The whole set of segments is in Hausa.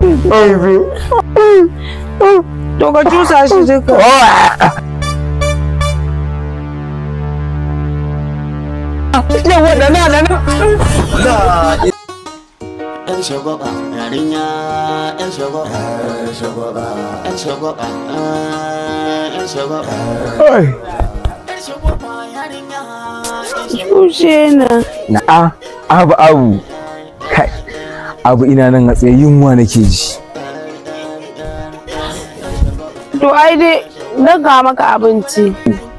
to ka cusa shi yarinya eh, abu abu ina nan a tsaye yunwa nake ji to ai dai dan ga maka abinci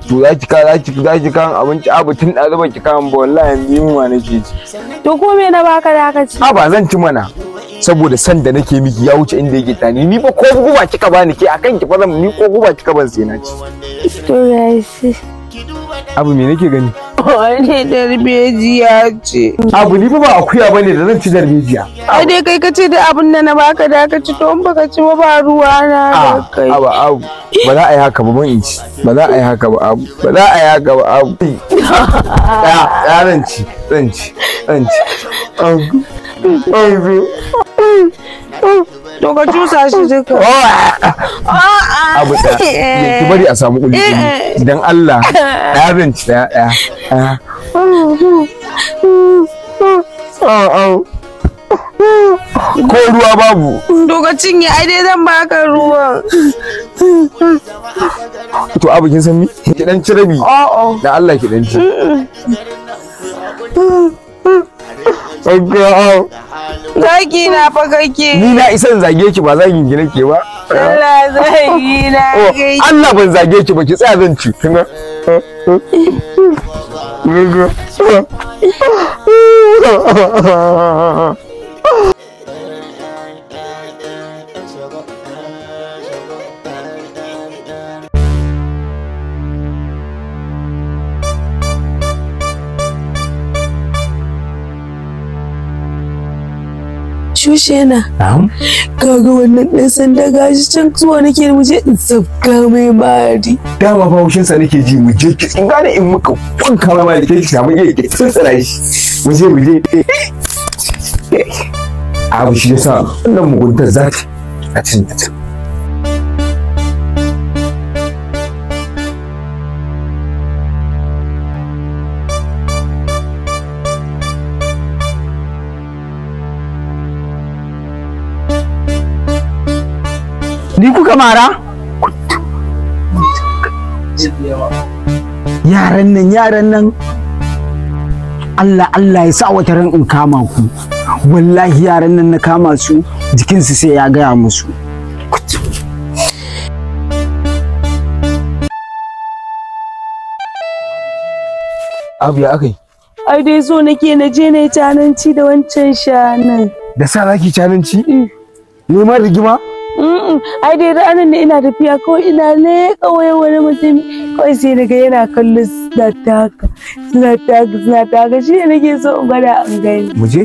to za ki za ki za ki kan abinci abu tun da zuba ki kan ba wallahi yanzu yunwa nake ji to ko me na baka da ka ci a ba zan ci mana saboda san da nake miki ya wuce inda yake tani ni ba ko guba kika bani ke akan ki fara ni ko guba kika ban sai na ci to yayi abu me nake gani Wani darbejiya ce. Abu ni ba akuya bane da zan ci darbejiya. Ai dai kai kace da abin da na baka da ka ci to in baka ci ba ruwa na da ah, kai. Abu abu ba za a yi haka ba ban in ci. Ba za a yi haka ba abu. Ba za a yi haka ba abu. Ya ya zan ci zan ci zan ci. Abu. Abu. to ka cusa shi duka oh, ah. oh, abu da ah. ki bari a samu kulli eh. dan Allah daya bin ya? daya ko ruwa babu lokacin ya ai dai zan baka ruwa to abu kin san me ki dan ci oh, da Allah ki dan ci Oh, Zagi na fa kake. Ni na isan zage ki ba zagin ki ke ba. Allah zagi na oh, kake. Allah ban zage ki ba ki tsaya zan ci. shushe na kaga wannan ɗan sanda gashi can zuwa nake mu je in sabga mai mari dama fa haushin sa nake ji mu je ki in gane in muka kama mai ke ki samu iya ke sun tsara shi mu je mu je abu shi ya sa wannan muguntar zaki a cin ta ni kuka mara yaran nan yaran nan Allah Allah ya sa wata ran in kama ku wallahi yaran nan na kama su jikinsu sai ya gaya musu abu ya aka yi ai dai zo nake na je na cananci da wancan shanan da sa zaki cananci eh. neman rigima ai dai ranar ne ina tafiya ko ina ne wayan wani mutum kawai sai na ga yana kallon suna taka suna taka suna taka shi ne nake so in gwada in gani. Mu je?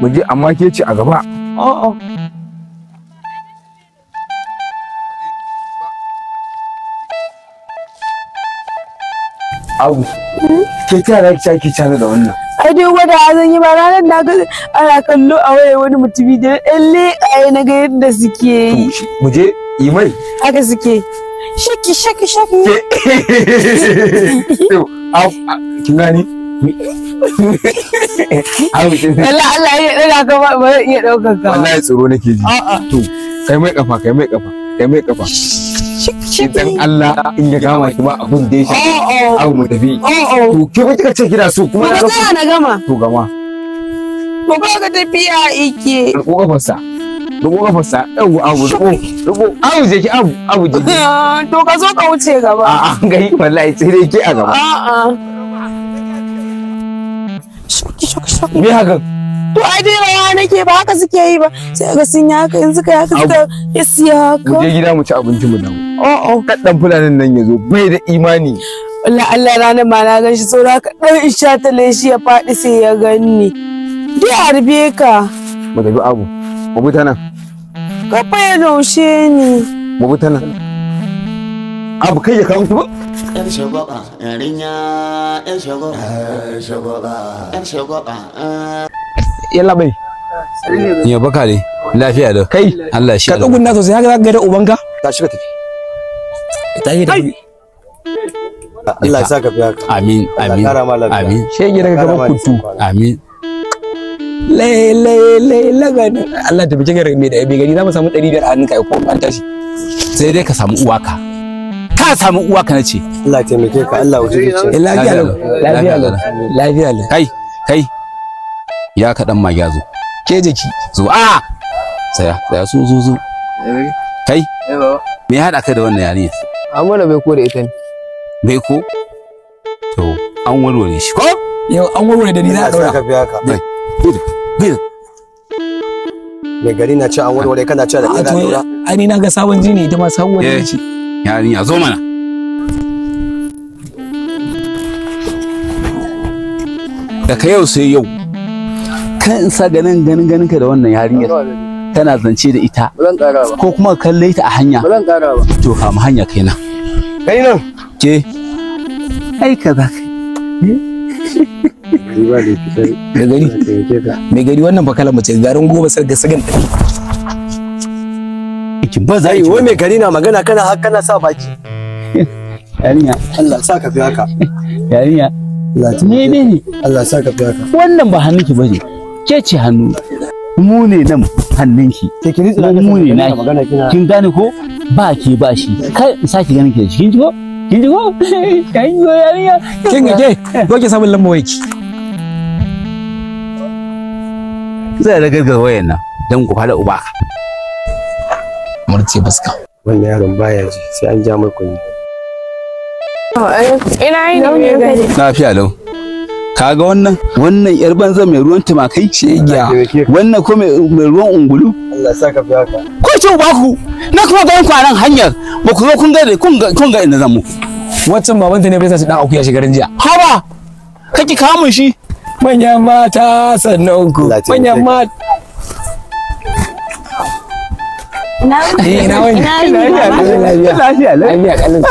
Mu je amma ke a gaba. oh Abu, hmm? ke ta ki ki da wannan. ai dai gwada zan yi ba ranar na ga ana kallo a waya wani mutumi da ɗan leƙaye na ga yadda suke yi mu je yi mai haka suke shaki shaki shaki kin gani Allah Allah ya ɗaga ka ba ya ɗaukar ka wallahi tsoro nake ji to kai mai kafa kai mai kafa kai mai kafa Idan Allah in ya gama ki ba abun da ya shi oh, oh. abu mu tafi oh, to ke ba kika ce kina so kuma na gama na gama to gama ko ba ka tafiya ike ko kafarsa rubo kafarsa ɗan abu rubo rubo abu je ki abu abu je to ka zo ka wuce gaba a'a gai wallahi sai dai ki a gaba a'a shoki shoki shoki me hakan to ai dai rawa nake ba haka suke yi ba sai ga sun yi haka in suka yi haka suka yi haka mu je gida mu ci abinci mu dawo oh oh kaddan fulanin nan yazo bai da imani Wala Allah ranar ma na ganshi saura ka dan isha ta leshi ya faɗi sai ya ganni dai a rube ka mu tafi abu mu bi ta nan ka fa ya laushe ni mu bi ta nan abu kai ya kawo ta ba yar shagoba yarinya yar shagoba yar shagoba yar shagoba ah. yalla bai ya baka ne lafiya da kai Allah shi ka tsugunna sosai haka zaka ga da ubanka tashi ka tafi tahi da Allah ya sa ka fiya amin amin amin shege daga gaban kutu amin lai lai lai lagani Allah ta bice gari mai da bai gari za mu samu 500 a hannunka ya ko an tashi sai dai ka samu uwaka ka samu uwaka na ce Allah taimake ka Allah wuce ce eh, lafiya lafiya lafiya kai kai ya ka dan magiya zo ke jiki zo a tsaya tsaya su zo zo eh, kai eh, me ya hada ka da wannan yarinya Amana bai ko da ita ne. Bai ko? To an warware shi ko? Yau an warware da ni za a ɗora. Ka biya ka. Mai gari na ce an warware kana ce da ɗaya ɗora. Ai ni na ga sabon jini ita ma sabuwar ne eh, ce. Yarinya zo mana. Da Daga yau sai yau. Kan in sa ganin ganin ganin ka da wannan yarinyar. kana zance da ita ko kuma kalle ta a hanya to kama hanya kaina kai nan ke ai ka ba ka me gari wannan ba kalan mace garin goma sarga sagan ki ba za yi wai me gari na magana kana har kana sa baki yarinya Allah sa ka fi haka yarinya Allah ne ne Allah sa ka fi haka wannan ba hannu ki bane ke ce hannu mu ne nan hannunki mu ne na kin gane ko ba ke ba shi kai in sake ganin ki da shi kin ji ko kin ji ko kai yarinya kin ga ke ko ke samu lamba ki? zai da gargar wayan nan dan ku fara uba murce baska wannan yaron baya ji sai an ja mai kunni ina yi ne lafiya lau kaga wannan wannan yar banza mai ruwan tumakai giya wannan ko mai ruwan ungulu Allah saka fi haka ko ce ba ku na kuma ga ku a hanyar ba ku zo kun ga kun ga kun ga inda zan mu wancan baban ta ne bai sa shi dan akuya garin jiya haba kake shi manyan mata sannan ku manya mata Na wani? Na wani? Na Na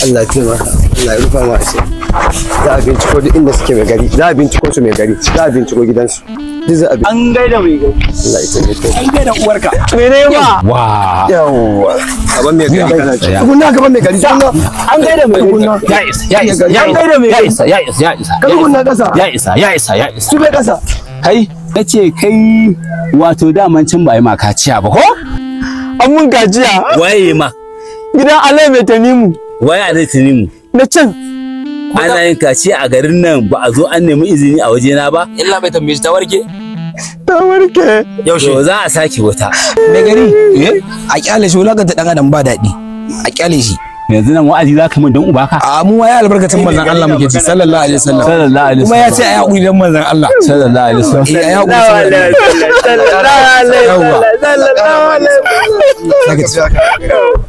Allah taimaka Allah ya rufa masu za a binciko duk inda suke mai gari za a binciko su mai gari za a binciko gidansu duk za a binciko an gaida mai gari Allah ya taimaka an gaida uwarka me ne ba wa yawa gaban mai gari kana ci kunna gaban mai gari kunna an gaida mai gari. ya isa ya isa ya gaida mai ya isa ya isa ya isa kai kunna kasa ya isa ya isa ya isa tube kasa kai ce kai wato daman can ba yi ma kaciya ba ko an mun gajiya waye ma gidan alai mai tanimu wai a litinin na can ana yin kaci a garin nan ba a zo an nemi izini a wajena ba illa bai tambaye ta warke ta warke yaushe za a sake wata me gari eh? Eh? a kyale shi wulakanta dan adam ba dadi a kyale shi yanzu nan wa'azi za ka min don uba ka a mu ya albarkacin manzon Allah muke ji sallallahu alaihi wasallam sallallahu alaihi wasallam kuma ya ce ayi hakuri dan manzon Allah sallallahu alaihi wasallam eh ayi hakuri sallallahu alaihi wasallam sallallahu alaihi wasallam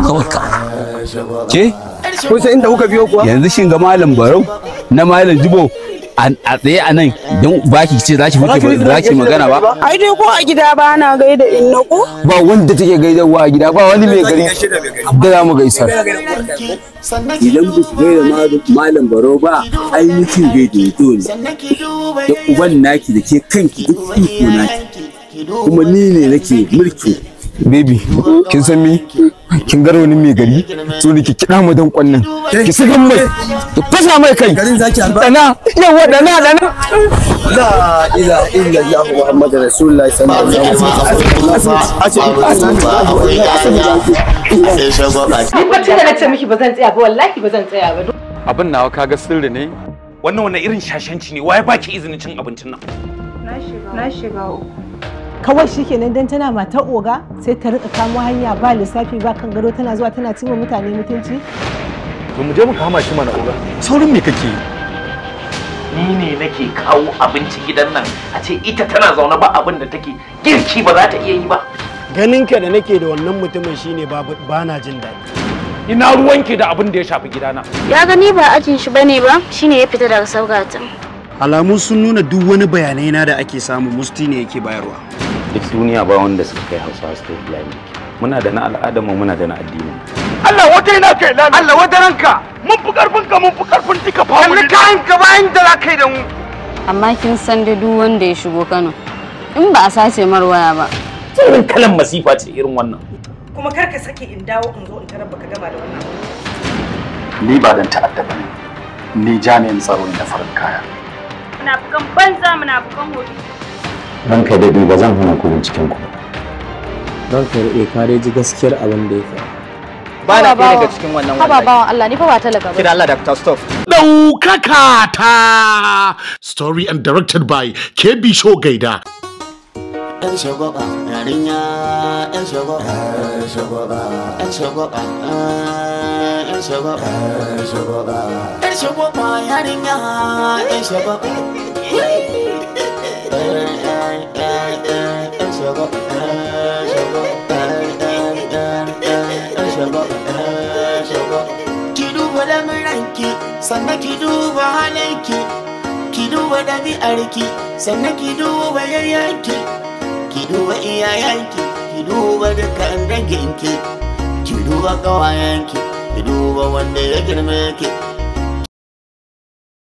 kawarka ke kusa inda kuka biyo kuwa yanzu shin ga malam barau na malam jibo a tsaye a nan don ba ki ce za ki huce za ki magana ba ai dai ko a gida ba na gaida inna ko ba wanda take gaida wa a gida ba wani mai gari da za mu gaisa idan ba ku gaida malam baro ba ai mutum gaida ya dole da uban naki da ke kanki duk iko naki kuma ni ne nake mulki baby kin san me kin gara wani mai gari so ne ki kida mu dan kwannan ki saka mai ki fasa mai kai garin zaki alba dana yawa dana dana la illa allah muhammadu rasulullah sallallahu alaihi wasallam lokacin da na ce miki ba zan tsaya ba wallahi ba zan tsaya ba abin nawa kaga sirri ne wannan wannan irin shashanci ne waye baki izinin cin abincin nan na shiga na shiga uku kawai shikenan dan tana mata oga sai ta rika kamo hanya ba lissafi ba kan gado tana zuwa tana cimma mutane mutunci to mu je mu kama shi mana oga saurin me kake ni ne nake kawo abinci gidan nan a ce ita tana zaune ba abin da take girki ba za ta iya yi ba ganin ka da nake da wannan mutumin shine ba na jin daɗi ina ruwanki da abin da ya shafi gidana ya gani ba ajin shi bane ba shine ya fita daga saukatin alamu sun nuna duk wani bayanai na da ake samu musti ne yake bayarwa duniya ba wanda suka kai hausa state islamic muna da na mu muna da na addinin Allah wata ina kai lana Allah wata ranka mun fi karfin ka mun fi karfin tika fa kalli ka an ka bayan da za kai da mu amma kin san da duk wanda ya shigo Kano in ba a sace marwaya waya ba irin kalan masifa ce irin wannan kuma kar ka sake in dawo in zo in tarar baka gama da wannan ni ba dan ta'adda bane ni jami'in tsaro ne na farin kaya bukan banza bukan hoto ranka daɗi ba zan hana ku binciken ku kai daɗi ka dai ji gaskiyar abin da ya faru ba na kai daga cikin wannan wallahi haba bawan Allah ni fa ba talaka ba kira Allah Dr. Stop daukaka ta story and directed by KB Show Gaida yan ba yarinya yan shagwaba ba en yan ba en shagwaba yan en eh, yan ba yarinya yan ba Ki duba lamuranki, sannan ki duba halanki, ki duba ɗabi'arki, sannan ki duba yayyanki, ki duba iyayenki, ki duba dukkan danginki, ki duba ƙawayenki, ki duba wanda ya girme ki.